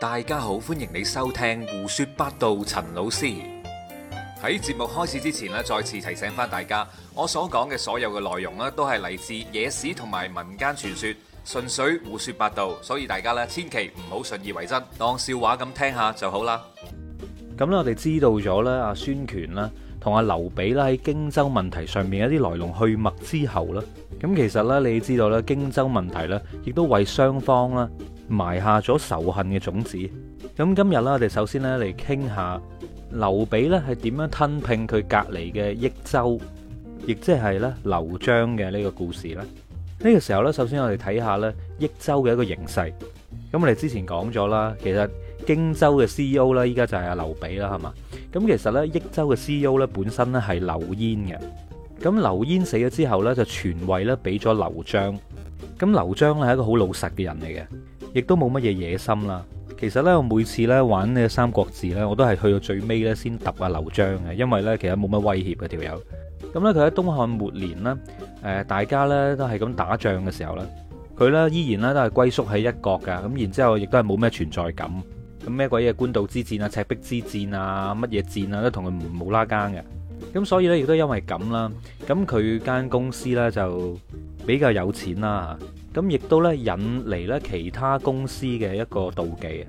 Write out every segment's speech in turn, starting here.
大家好，歡迎你收聽胡說八道。陳老師喺節目開始之前咧，再次提醒翻大家，我所講嘅所有嘅內容咧，都係嚟自野史同埋民間傳說，純粹胡說八道，所以大家咧千祈唔好信以為真，當笑話咁聽下就好啦。咁咧，我哋知道咗咧，阿孫權啦，同阿劉備啦，喺荊州問題上面嘅一啲來龍去脈之後啦，咁其實咧，你知道咧，荊州問題咧，亦都為雙方啦。埋下咗仇恨嘅種子。咁今日咧，我哋首先咧嚟傾下劉備咧係點樣吞併佢隔離嘅益州，亦即係咧劉璋嘅呢個故事咧。呢、這個時候咧，首先我哋睇下咧益州嘅一個形勢。咁我哋之前講咗啦，其實荊州嘅 CEO 啦，依家就係阿劉備啦，係嘛？咁其實咧，益州嘅 CEO 咧，本身咧係劉焉嘅。咁劉焉死咗之後咧，就傳位咧俾咗劉璋。咁劉璋咧係一個好老實嘅人嚟嘅，亦都冇乜嘢野心啦。其實呢，我每次呢玩呢三國志呢，我都係去到最尾呢先揼下劉璋嘅，因為呢其實冇乜威脅嘅條友。咁呢，佢喺東漢末年呢，誒大家呢都係咁打仗嘅時候呢，佢呢依然呢都係龜縮喺一國噶，咁然之後亦都係冇咩存在感。咁咩鬼嘢官渡之戰啊、赤壁之戰啊、乜嘢戰啊都同佢冇拉更嘅。咁所以呢，亦都因為咁啦，咁佢間公司呢就。Yeah, 比較有錢啦，咁亦都呢引嚟呢其他公司嘅一個妒忌。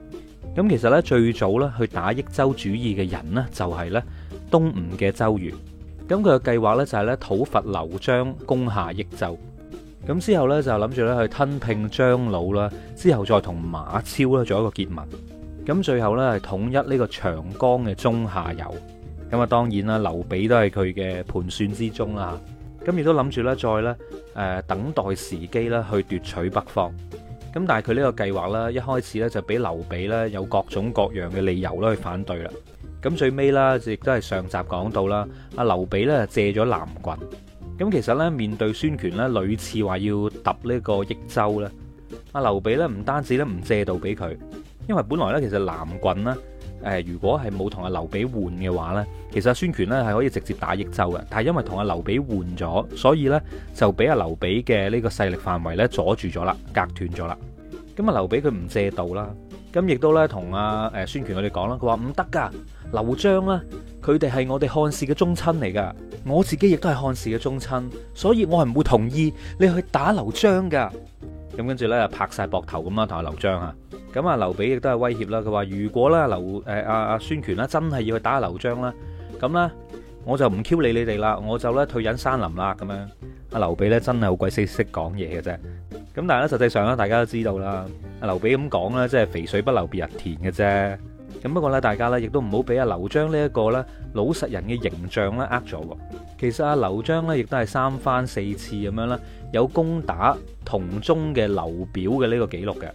咁亦都諗住咧，再咧，誒，等待時機啦，去奪取北方。咁但係佢呢個計劃咧，一開始咧就俾劉備咧有各種各樣嘅理由咧去反對啦。咁最尾啦，亦都係上集講到啦，阿劉備咧借咗南郡。咁其實咧，面對孫權咧屢次話要奪呢個益州咧，阿劉備咧唔單止咧唔借道俾佢，因為本來咧其實南郡咧。誒，如果係冇同阿劉備換嘅話呢，其實啊，孫權咧係可以直接打益州嘅，但係因為同阿劉備換咗，所以呢就俾阿劉備嘅呢個勢力範圍咧阻住咗啦，隔斷咗啦。咁啊，劉備佢唔借道啦，咁亦都呢同阿誒孫權佢哋講啦，佢話唔得噶，劉璋呢，佢哋係我哋漢氏嘅宗親嚟噶，我自己亦都係漢氏嘅宗親，所以我係唔會同意你去打劉璋噶。咁跟住咧，拍曬膊頭咁啦，同阿劉璋啊，咁啊，劉備亦都係威脅啦。佢話：如果咧，劉誒阿阿孫權啦，真係要去打阿劉璋啦，咁咧，我就唔 Q 理你哋啦，我就咧退隱山林啦，咁樣。阿劉備咧真係好鬼識識講嘢嘅啫。咁但係咧，實際上咧，大家都知道啦。阿劉備咁講咧，即係肥水不流別人田嘅啫。咁不過咧，大家咧亦都唔好俾阿劉璋呢一個咧老實人嘅形象咧呃咗喎。其實啊，劉璋咧亦都係三番四次咁樣咧，有攻打同宗嘅劉表嘅呢個記錄嘅。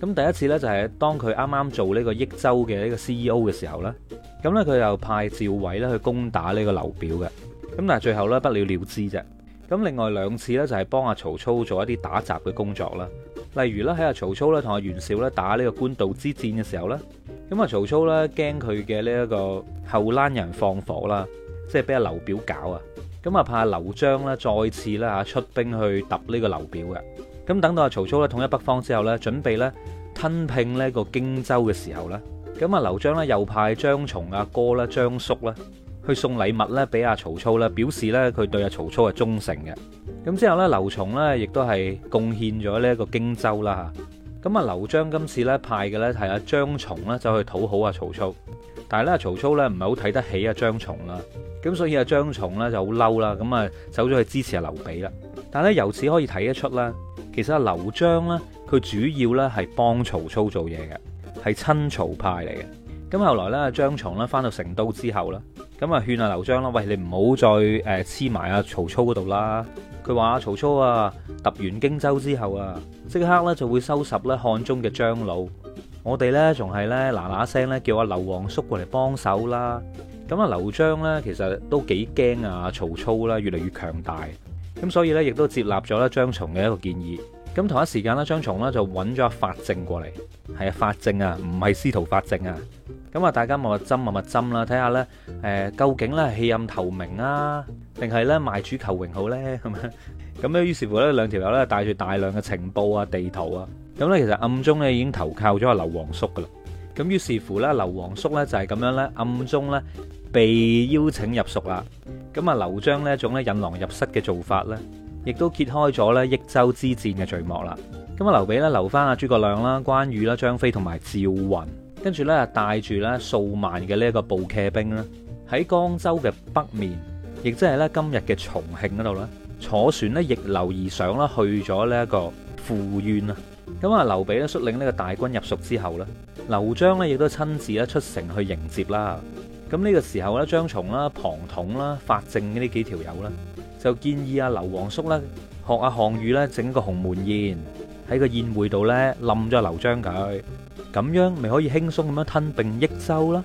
咁第一次咧就係當佢啱啱做呢個益州嘅呢個 CEO 嘅時候啦。咁咧佢又派趙偉咧去攻打呢個劉表嘅。咁但係最後咧不了了之啫。咁另外兩次咧就係幫阿曹操做一啲打雜嘅工作啦。例如咧喺阿曹操咧同阿袁紹咧打呢個官渡之戰嘅時候咧，咁阿曹操咧驚佢嘅呢一個後欄人放火啦，即係俾阿劉表搞啊。咁啊，派阿劉璋咧再次咧嚇出兵去揼呢個劉表嘅。咁等到阿曹操咧統一北方之後咧，準備咧吞併呢個荊州嘅時候咧，咁啊劉璋咧又派張松啊哥啦張叔啦去送禮物咧俾阿曹操啦，表示咧佢對阿曹操係忠誠嘅。咁之後咧，劉琮咧亦都係貢獻咗呢一個荊州啦嚇。咁啊劉璋今次咧派嘅咧係阿張松咧就去討好阿曹操。但係咧，曹操咧唔係好睇得起阿張松啦，咁所以阿張松咧就好嬲啦，咁啊走咗去支持阿劉備啦。但係咧，由此可以睇得出啦，其實阿劉璋咧，佢主要咧係幫曹操做嘢嘅，係親曹派嚟嘅。咁後來咧，張松咧翻到成都之後啦，咁啊勸阿劉璋啦，喂，你唔好再誒黐埋阿曹操嗰度啦。佢話阿曹操啊，揼完荊州之後啊，即刻咧就會收拾咧漢中嘅張魯。我哋咧仲係咧嗱嗱聲咧叫阿劉皇叔過嚟幫手啦，咁啊劉璋咧其實都幾驚啊曹操啦，越嚟越強大，咁所以咧亦都接納咗咧張松嘅一個建議，咁同一時間咧，張松咧就揾咗阿法正過嚟，係啊法正啊，唔係司徒法正啊，咁啊大家密密斟密密斟啦，睇下咧，誒究竟咧係棄暗投明啊，定係咧賣主求榮好咧咁啊？咁咧，於是乎咧，兩條友咧帶住大量嘅情報啊、地圖啊，咁、嗯、咧其實暗中咧已經投靠咗阿劉皇叔噶啦。咁、嗯、於是乎咧，劉皇叔咧就係、是、咁樣咧暗中咧被邀請入蜀啦。咁、嗯、啊，劉璋呢一種咧引狼入室嘅做法咧，亦都揭開咗咧益州之戰嘅序幕啦。咁、嗯、啊，劉備咧留翻阿諸葛亮啦、關羽啦、張飛同埋趙雲，跟住咧帶住咧數萬嘅呢一個步騎兵咧，喺江州嘅北面，亦即係咧今日嘅重慶嗰度啦。坐船咧逆流而上啦，去咗呢一個涪縣啊。咁啊，劉備咧率領呢個大軍入蜀之後咧，劉璋咧亦都親自咧出城去迎接啦。咁呢個時候咧，張松啦、龐統啦、法正呢啲幾條友啦，就建議啊劉皇叔啦學阿項羽咧整個鴻門宴喺個宴會度咧冧咗劉璋佢，咁樣咪可以輕鬆咁樣吞併益州啦。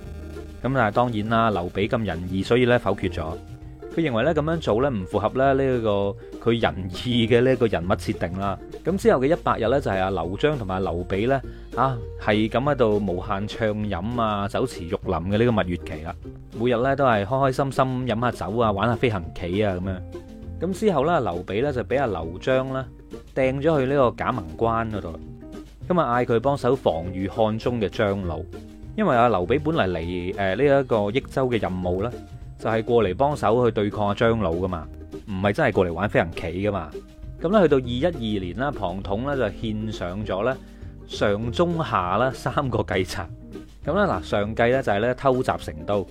咁但係當然啦，劉備咁仁義，所以咧否決咗。佢認為咧咁樣做咧唔符合咧呢一個佢仁義嘅呢一個人物設定啦。咁之後嘅一百日咧就係阿劉璋同埋劉備咧，啊係咁喺度無限暢飲啊，酒池肉林嘅呢個蜜月期啦。每日咧都係開開心心飲下酒啊，玩下飛行棋啊咁樣。咁之後咧，劉備咧就俾阿劉璋咧掟咗去呢個葭萌關嗰度，咁啊嗌佢幫手防禦漢中嘅張魯。因為阿劉備本嚟嚟誒呢一個益州嘅任務咧。就係、是、過嚟幫手去對抗阿張魯噶嘛，唔係真係過嚟玩飛行棋噶嘛。咁咧，去到二一二年啦，龐統咧就獻上咗咧上中下啦三個計策。咁咧嗱，上計咧就係咧偷襲成都，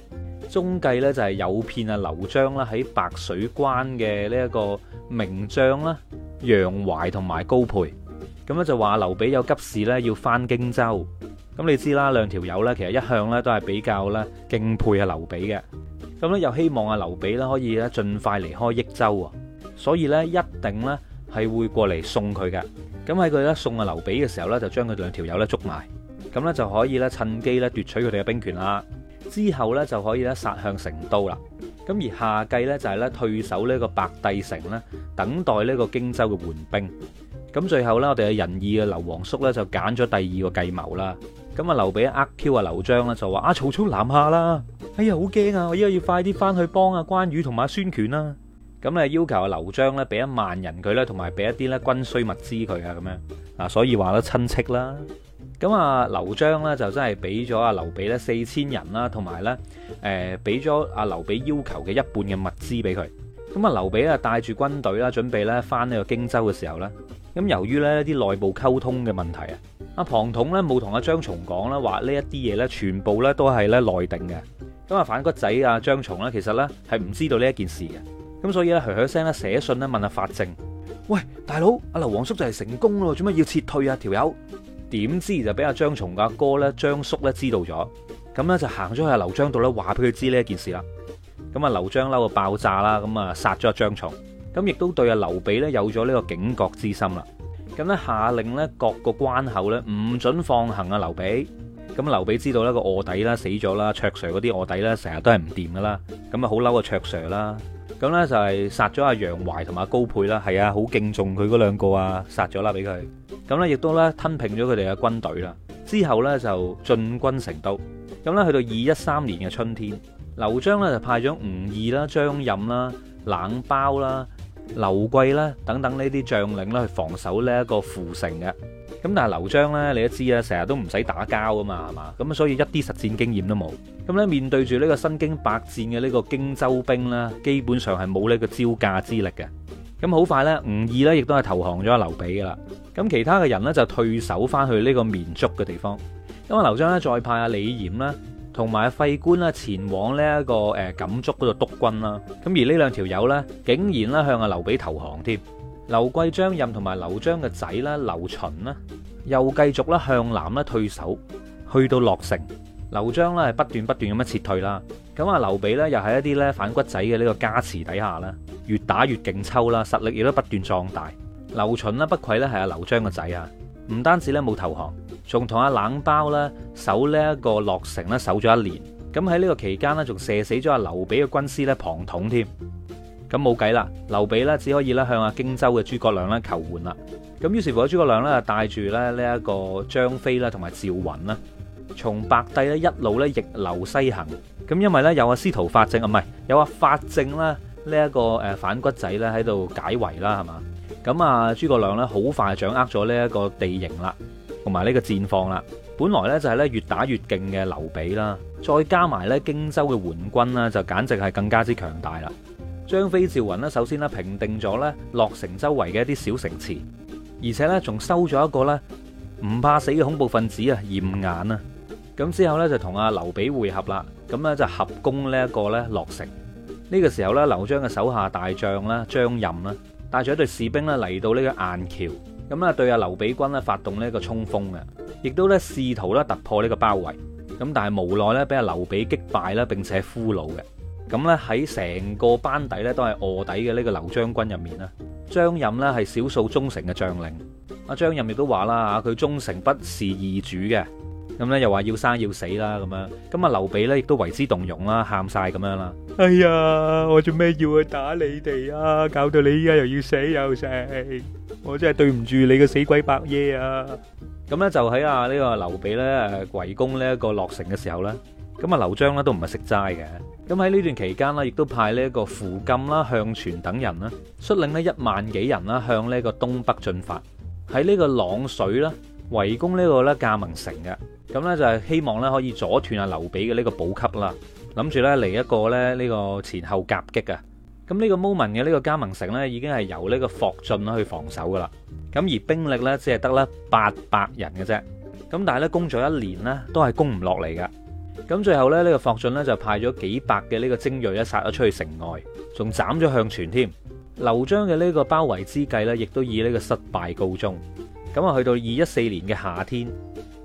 中計咧就係誘騙阿劉璋啦喺白水關嘅呢一個名將啦楊懷同埋高沛，咁咧就話劉備有急事咧要返荊州。咁你知啦，兩條友咧其實一向咧都係比較咧敬佩阿劉備嘅。咁咧又希望阿劉備咧可以咧盡快離開益州喎，所以咧一定咧係會過嚟送佢嘅。咁喺佢咧送阿劉備嘅時候咧，就將佢兩條友咧捉埋，咁咧就可以咧趁機咧奪取佢哋嘅兵權啦。之後咧就可以咧殺向成都啦。咁而下計咧就係咧退守呢個白帝城咧，等待呢個荊州嘅援兵。咁最後咧，我哋嘅仁義嘅劉皇叔咧就揀咗第二個計謀啦。咁啊，劉備呃 Q 啊，劉璋啦，就話啊，曹操南下啦，哎呀，好驚啊，我依家要快啲返去幫阿關羽同埋孫權啦、啊。咁、嗯、咧要求啊，劉璋咧俾一萬人佢咧，同埋俾一啲咧軍需物資佢啊，咁樣嗱，所以話咧親戚啦。咁、嗯、啊，劉璋咧就真係俾咗啊劉備咧四千人啦，同埋咧誒俾咗啊劉備要求嘅一半嘅物資俾佢。咁、嗯、啊，劉備咧帶住軍隊啦，準備咧返呢個荊州嘅時候咧。咁由於呢啲內部溝通嘅問題啊，阿龐統呢冇同阿張松講呢話呢一啲嘢呢，全部呢都係呢內定嘅。咁啊反骨仔阿張松呢，其實呢係唔知道呢一件事嘅。咁所以呢，噚噚聲呢寫信呢問阿法正：「喂，大佬，阿劉皇叔就係成功咯，做咩要撤退啊？條友點知就俾阿張松嘅阿哥呢張叔呢知道咗，咁呢就行咗去阿劉璋度呢，話俾佢知呢一件事啦。咁啊劉璋嬲到爆炸啦，咁啊殺咗阿張松。咁亦都對阿劉備咧有咗呢個警覺之心啦，咁咧下令咧各個關口咧唔准放行阿劉備。咁劉備知道咧個臥底啦死咗啦，卓 Sir 嗰啲臥底啦成日都係唔掂噶啦，咁啊好嬲個卓 Sir 啦，咁咧就係殺咗阿楊懷同埋阿高沛啦，係啊好敬重佢嗰兩個啊，殺咗啦俾佢。咁咧亦都咧吞併咗佢哋嘅軍隊啦。之後咧就進軍成都，咁咧去到二一三年嘅春天，劉璋咧就派咗吳義啦、張任啦、冷苞啦。劉貴啦，等等呢啲將領咧去防守呢一個涪城嘅咁。但係劉璋咧，你都知啦，成日都唔使打交啊嘛，係嘛咁啊，所以一啲實戰經驗都冇，咁咧。面對住呢個身經百戰嘅呢個荊州兵啦，基本上係冇呢個招架之力嘅。咁好快咧，吳懿咧亦都係投降咗啊，劉備噶啦。咁其他嘅人咧就退守翻去呢個綿竹嘅地方。咁啊，劉璋咧再派啊李嚴啦。同埋費官啦，前往呢一個誒錦竹嗰度督軍啦。咁而呢兩條友呢，竟然咧向阿劉備投降添。劉貴張任同埋劉璋嘅仔啦，劉秦啦，又繼續啦向南啦退守，去到洛城。劉璋咧係不斷不斷咁樣撤退啦。咁啊，劉備呢，又喺一啲咧反骨仔嘅呢個加持底下啦，越打越勁抽啦，實力亦都不斷壯大。劉秦呢，不愧咧係阿劉璋嘅仔啊！唔單止咧冇投降，仲同阿冷苞咧守呢一個洛城咧守咗一年。咁喺呢個期間咧，仲射死咗阿劉備嘅軍師咧龐統添。咁冇計啦，劉備呢只可以咧向阿荊州嘅諸葛亮咧求援啦。咁於是乎，阿諸葛亮咧帶住咧呢一個張飛啦同埋趙雲啦，從白帝咧一路咧逆流西行。咁因為咧有阿司徒法正啊，唔係有阿法正啦呢一個誒反骨仔咧喺度解圍啦，係嘛？咁啊，諸葛亮咧好快掌握咗呢一個地形啦，同埋呢個戰況啦。本來咧就係咧越打越勁嘅劉備啦，再加埋咧荊州嘅援軍啦，就簡直係更加之強大啦。張飛、趙雲呢，首先呢，平定咗咧洛城周圍嘅一啲小城池，而且咧仲收咗一個咧唔怕死嘅恐怖分子啊，嚴顏啊。咁之後咧就同阿劉備會合啦，咁咧就合攻呢一個咧洛城。呢個時候咧，劉璋嘅手下大將啦張任啦。帶住一隊士兵咧嚟到呢個雁橋，咁咧對阿劉備軍咧發動呢個衝鋒嘅，亦都咧試圖咧突破呢個包圍，咁但係無奈咧俾阿劉備擊敗啦，並且俘虜嘅，咁咧喺成個班底咧都係臥底嘅呢個劉將軍入面啦，張任咧係少數忠誠嘅將領，阿張任亦都話啦佢忠誠不事二主嘅。咁咧又話要生要死啦，咁樣咁啊，劉備咧亦都為之動容啦，喊晒咁樣啦。哎呀，我做咩要去打你哋啊？搞到你依家又要死又死，我真係對唔住你個死鬼伯爺啊！咁咧就喺啊呢個劉備咧圍攻呢一個洛城嘅時候咧，咁啊劉璋咧都唔係食齋嘅。咁喺呢段期間咧，亦都派呢一個傅禁啦、向全等人啦，率領咧一萬幾人啦，向呢個東北進發，喺呢個朗水啦。圍攻呢個咧葭萌城嘅，咁咧就係希望咧可以阻斷啊劉備嘅呢個補給啦，諗住咧嚟一個咧呢個前後夾擊嘅。咁呢個 moment 嘅呢個葭萌城呢，已經係由呢個霍峻去防守噶啦，咁而兵力咧只係得咧八百人嘅啫。咁但係咧攻咗一年呢，都係攻唔落嚟噶。咁最後咧呢個霍峻呢，就派咗幾百嘅呢個精鋭咧殺咗出去城外，仲斬咗向全添。劉璋嘅呢個包圍之計咧亦都以呢個失敗告終。咁啊，去到二一四年嘅夏天，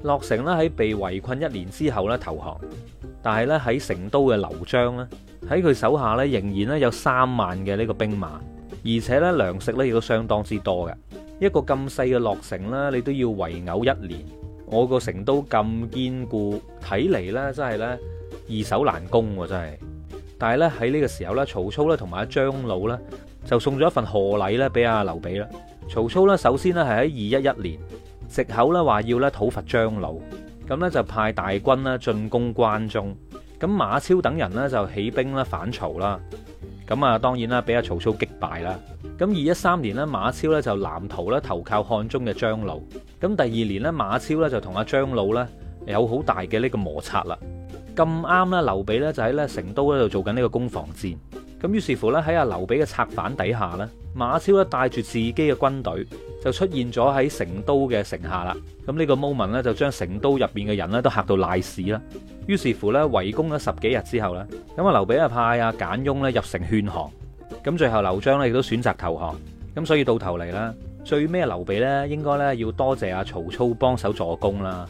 洛城呢喺被圍困一年之後咧投降，但係咧喺成都嘅劉璋呢喺佢手下咧仍然咧有三萬嘅呢個兵馬，而且咧糧食咧亦都相當之多嘅。一個咁細嘅洛城呢你都要圍毆一年，我個成都咁堅固，睇嚟咧真係咧易手難攻喎，真係。但係咧喺呢個時候咧，曹操咧同埋張魯咧就送咗一份賀禮咧俾阿劉備啦。曹操咧，首先咧係喺二一一年，藉口，咧話要咧討伐張魯，咁咧就派大軍咧進攻關中，咁馬超等人呢就起兵咧反曹啦，咁啊當然啦，俾阿曹操擊敗啦。咁二一三年呢，馬超呢就南逃啦，投靠漢中嘅張魯。咁第二年呢，馬超呢就同阿張魯呢有好大嘅呢個摩擦啦。咁啱呢，劉備呢就喺呢成都呢度做緊呢個攻防戰。咁於是乎咧，喺阿劉備嘅策反底下咧，馬超咧帶住自己嘅軍隊就出現咗喺成都嘅城下啦。咁呢個 moment 呢，就將成都入邊嘅人咧都嚇到賴屎啦。於是乎咧，圍攻咗十幾日之後咧，咁阿劉備啊派阿簡雍咧入城勸降。咁最後劉璋咧亦都選擇投降。咁所以到頭嚟啦，最尾，劉備咧應該咧要多謝阿曹操幫手助攻啦。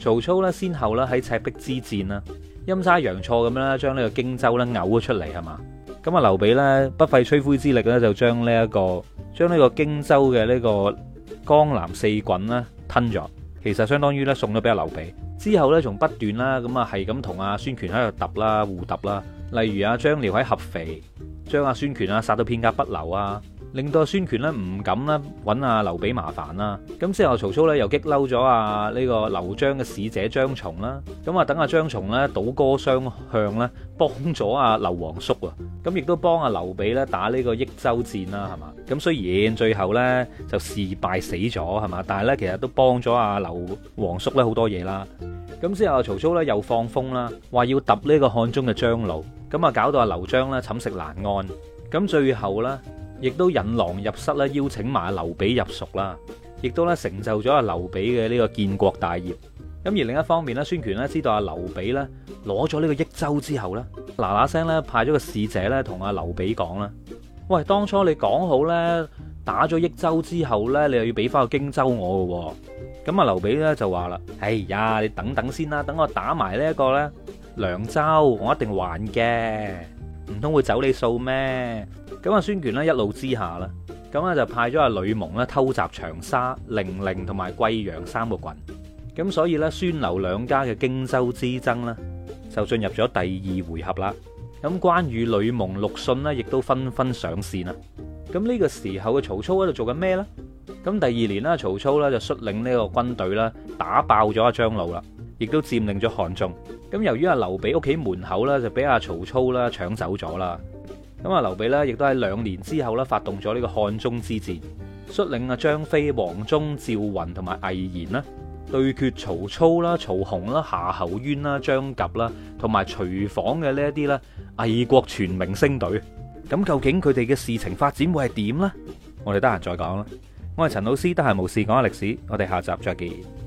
曹操呢，先後咧喺赤壁之戰啦，陰差陽錯咁啦，將呢個荊州咧嘔咗出嚟係嘛？咁啊，劉備呢不費吹灰之力咧，這個，就將呢一個將呢個荊州嘅呢個江南四郡呢吞咗。其實相當於呢，送咗俾阿劉備。之後呢，仲不斷啦，咁啊係咁同阿孫權喺度揼啦，互揼啦。例如阿張遼喺合肥將阿孫權啊殺到片甲不留啊。令到啊，孫權咧唔敢咧揾阿劉備麻煩啦。咁之後，曹操咧又激嬲咗啊呢個劉璋嘅使者張松啦。咁啊，等阿張松咧倒戈相向咧，幫咗阿劉皇叔啊。咁亦都幫阿劉備咧打呢個益州戰啦，係嘛？咁雖然最後咧就事敗死咗係嘛，但係咧其實都幫咗阿劉皇叔咧好多嘢啦。咁之後，曹操咧又放風啦，話要揼呢個漢中嘅張魯。咁啊，搞到阿劉璋咧寢食難安。咁最後咧。亦都引狼入室咧，邀請埋阿劉備入蜀啦，亦都咧成就咗阿劉備嘅呢個建國大業。咁而另一方面咧，孫權咧知道阿劉備咧攞咗呢個益州之後咧，嗱嗱聲咧派咗個使者咧同阿劉備講啦：喂，當初你講好咧打咗益州之後咧，你又要俾翻個荊州我嘅。咁阿劉備咧就話啦：哎呀，你等等先啦，等我打埋呢一個咧涼州，我一定還嘅。唔通會走你數咩？咁阿孫權咧一怒之下啦，咁咧就派咗阿呂蒙咧偷襲長沙、零陵同埋桂陽三個郡。咁所以咧，孫劉兩家嘅荊州之爭咧就進入咗第二回合啦。咁關羽、呂蒙、陸遜咧亦都紛紛上線啦。咁呢個時候嘅曹操喺度做緊咩咧？咁第二年啦，曹操咧就率領呢個軍隊啦打爆咗阿張魯啦。亦都佔領咗漢中，咁由於阿劉備屋企門口啦，就俾阿曹操啦搶走咗啦，咁啊劉備呢，亦都喺兩年之後咧發動咗呢個漢中之戰，率領阿張飛、黃忠、趙雲同埋魏延啦，對決曹操啦、曹洪啦、夏侯淵啦、張郃啦，同埋徐晃嘅呢一啲啦魏國全明星隊，咁究竟佢哋嘅事情發展會係點呢？我哋得閒再講啦，我係陳老師，得閒無事講下歷史，我哋下集再見。